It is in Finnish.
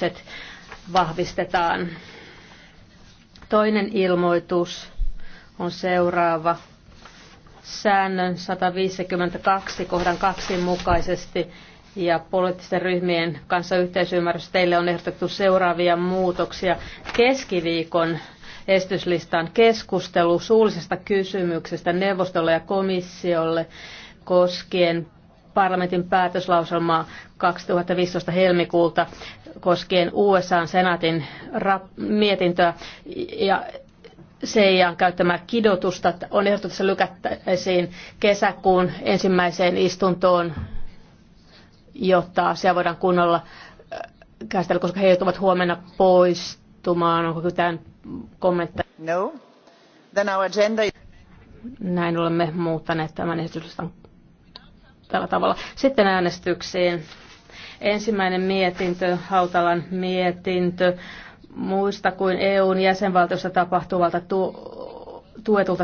säännökset vahvistetaan. Toinen ilmoitus on seuraava. Säännön 152 kohdan 2 mukaisesti ja poliittisten ryhmien kanssa yhteisymmärrys teille on ehdotettu seuraavia muutoksia. Keskiviikon estyslistan keskustelu suullisesta kysymyksestä neuvostolle ja komissiolle koskien parlamentin päätöslauselmaa 2015 helmikuulta koskien usa senaatin mietintöä ja CIAn käyttämää kidotusta on se lykättäisiin kesäkuun ensimmäiseen istuntoon, jotta asia voidaan kunnolla äh, käsitellä, koska he joutuvat huomenna poistumaan. Onko mitään kommentteja? No. Then our agenda... Näin olemme muuttaneet tämän esityslistan tällä tavalla. Sitten äänestyksiin. Ensimmäinen mietintö, Hautalan mietintö, muista kuin EUn jäsenvaltiossa tapahtuvalta tu- tuetulta